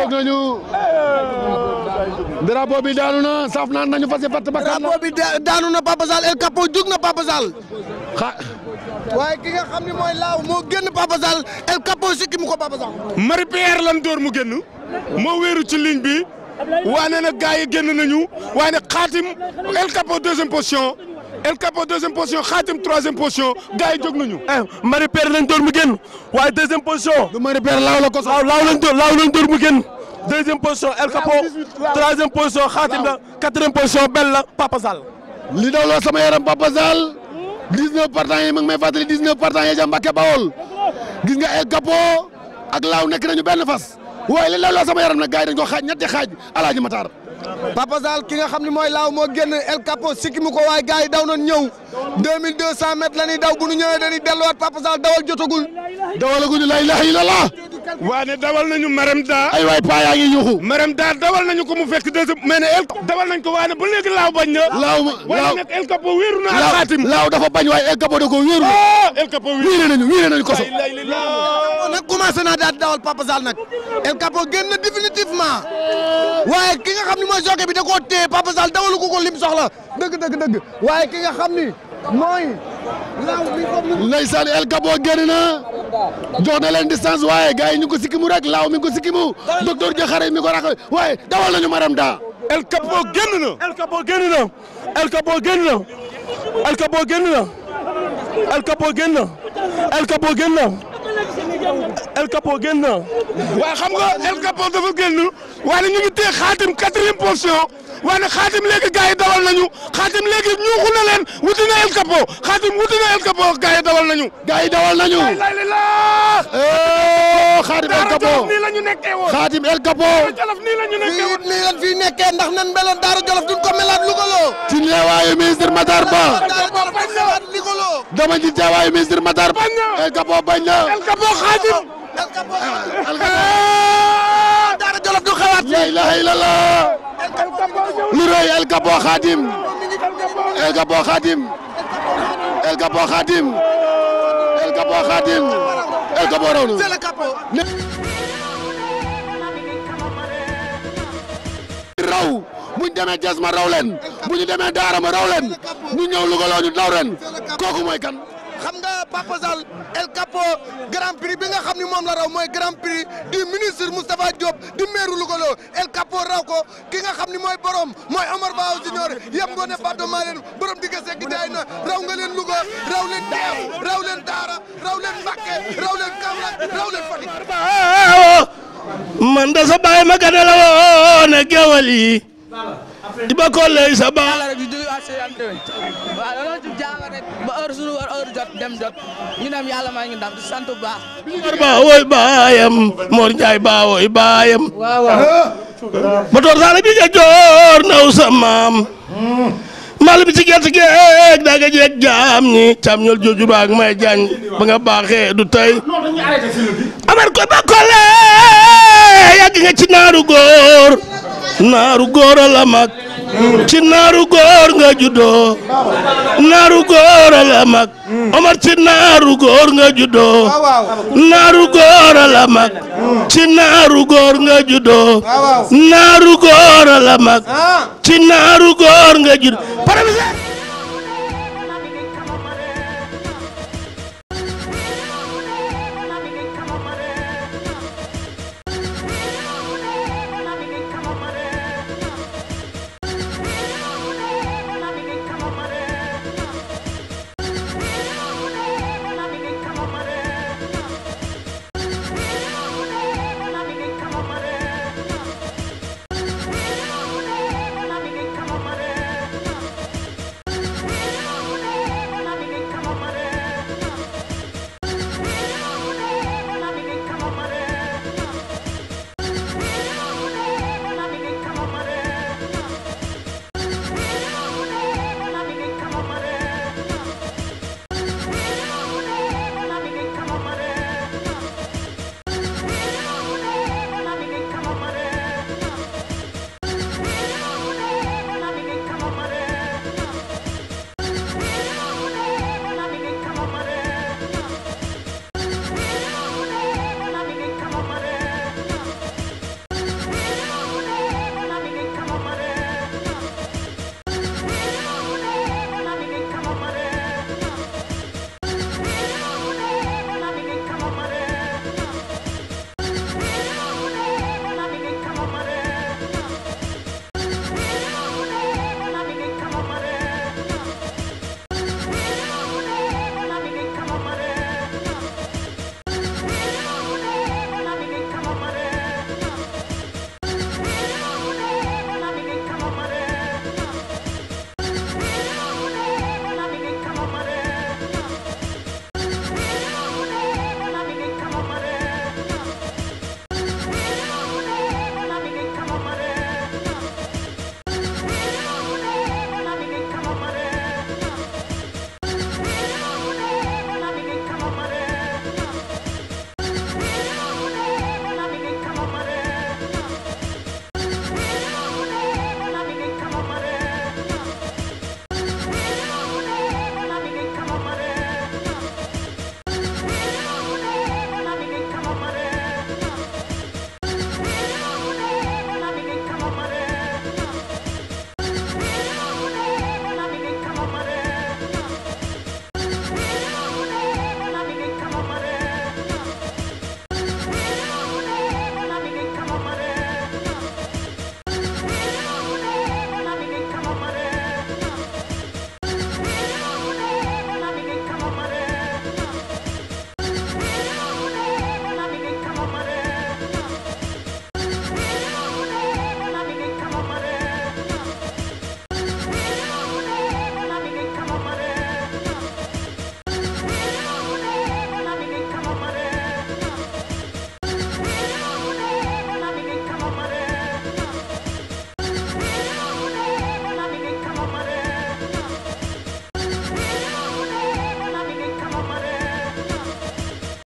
jóg nañu bi daanu na saf naan nañu fas fatt bakkan drapeau bi daanu na Papa Sall El Capo jug na Papa Sall xa waaye ki nga xam ne mooy laaw moo génn Papa Sall El Capo sikki mu ko Papa Sall Marie Pierre lan door mu génn moo wéeru ci ligne bi waane na gaay yi génn nañu waane xaatim El Capo deuxième position El Capo deuxième position Xaatim troisième position gars yi jóg nañu. Eh, Marie Père lañ dóor mu génn waaye deuxième position. du Marie laaw la ko laaw lañ dóor mu génn. deuxième position El Capo troisième position Xaatim la position Bell la Papa la sama yaram Papa Sall 19 partants yi mu ngi may fàttali 19 partants Bawol gis El Capo ak laaw nekk nañu benn fas waaye li la sama yaram nag gars dañu ko xaaj ñetti Papa Sall ki nga xam ne mooy laaw moo génn El Capo sikki mu ko waaye gars daw nañ ñëw 2200 mètres daw bu ñu ñëwee dañuy delluwaat Papa Sall dawal jotagul. dawalaguñu la ilaha illallah. waane dawal nañu maram daa ay waay paa yaa ngi yuxu dawal nañu ko mu fekk deuxième mais ne el dawal nañ ko waane bu léegi laaw bañ na laaw waane el capo wéeru na ak laaw dafa bañ waaye el capo da ko wéeru ah, el nañu wéeru nañu koso nag commencé naa daal di dawal Papa Sall nag el capo génn na définitivement waaye ki nga xam bi da koo téye Papa Sall dawalu ko ko lim soxla dëgg dëgg dëgg waaye ki nga xam ni mooy laaw el capo génn na jox na leen distance waaye gars yi ñu ko sikkimu rek laaw mi ko sikkimu docteur Diakhare mi ko rax waaye dawal nañu maram daa El Capo génn na El Capo génn El Capo génn El Capo génn El Capo génn El Capo génn El Capo génn na. waaw xam nga El Capo dafa génn waaye ñu ngi téye xaatim quatrième position waaye nag xaatim léegi gars dawal nañu xaatim léegi ñuuxu na leen wuti na El Capo xaatim wuti na El Capo gars dawal nañu. gars yi dawal nañu. xaadim El Gabon Daara Jolof nii la ñu nekkee woon xaadim El Gabon Daara Jolof nii la ñu nekkee woon nii lan fii nekkee ndax nan meloon Daara Jolof duñ ko melaat Lougaloo ci teewaayu ministre Matar Ba dama ci teewaayu ministre Matar Ba El Gabon bañ na El Gabon xaadim El Gabon Daara Jolof du xalaat la ilaha illallah lu rëy El Gabon xaadim El Gabon xaadim El Gabon xaadim El Gabon xaadim le capot raw na. c'est raw bu demee Diass ma raw leen bu ñu demee Daara ma raw leen ñu ñëw Louga loo ñu daw ren kan. xam nga Papa Sall El Capo grand prix bi xam ni moom la raw mooy grand prix du ministre Moustapha Diop di maire Louga El Capo raw ko ki xam ni mooy borom mooy Omar Ba junior yëpp ngoone Fatou Malène borom digg sekk na raw nga leen Louga raw leen Deew raw leen Daara raw leen Mbacké raw leen Kaolack raw leen Fatick. man da sa bàyyi la woon ne géwal yi ba ko lay ba heure suñu war heure jot dem jot ñu dem yàlla bah ngi ndam di sant bu baax baawooy baayam Mor Njaay baawooy malam waaw waaw motor saala bi nga jujur naw sa maam hmm. mal bi ci gerte geeg da nga ñol may ba nga du amar ko ba kole yàgg ya, nga ci naaru la ci naaru góor nga juddoo naaru góor a la mag Omar ci naaru góor nga juddoo naaru góor a la mag ci naaru góor nga juddoo naaru góor a la mag ci naaru góor nga juddoo